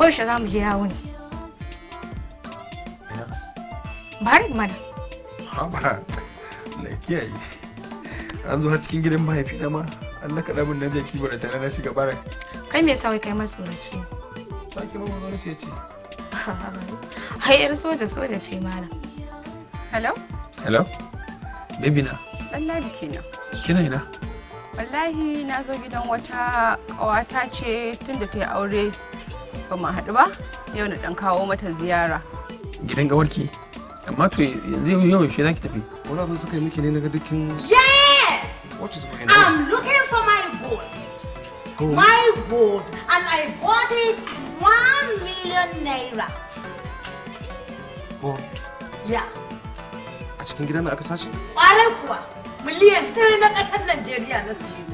Warsha za mu je yawo ne. Barik mana. Haba, na An zo har cikin gidan mahaifi ma, an kaɗa min na jaki ba da tare na shiga barak. Kai me yasa wai kai masoraci? Ta ki ba masoraci ce. Hai soja soja ce mana. Hello? Hello? Baby na. kenan. Kina ina? Wallahi na zo gidan wata ƙawata ce tunda da ta yi aure ba mu haɗu ba yau na ɗan kawo mata ziyara gidan gawarki amma to yanzu yau yaushe za ki tafi wani abin suka yi miki ne na dukkin yes i'm looking for my gold my gold and i bought it one million naira gold yeah a cikin gidan aka sashi ƙwarai kuwa miliyan ɗaya na ƙasar najeriya na siye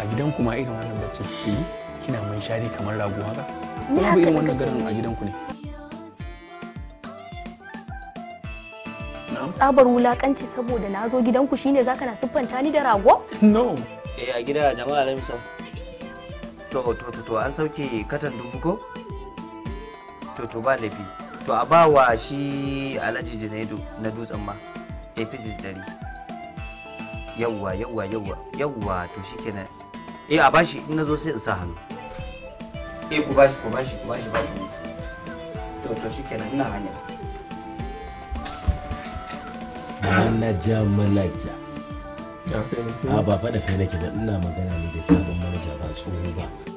a gidan kuma irin wannan bacci kike yi kina mun share kamar rago haka Ko babu irin wannan garin a ku ne tsabar wulakanci saboda na zo gidanku shine zaka na siffanta ni da rago no eh a gida jama'a lamin sau to to to an sauke katan dubu ko to to ba laifi to a ba wa shi alhaji janaidu na dutsen ma ya dari yawwa yawwa yawwa yawwa to shi kenan eh a bashi in na zo sai in sa hannu eh ku bashi ku bashi ku bashi bashi to to shi kenan ina hanya manaja manaja a ba faɗa kai nake ba ina magana ne da sabon manaja ba tsoho ba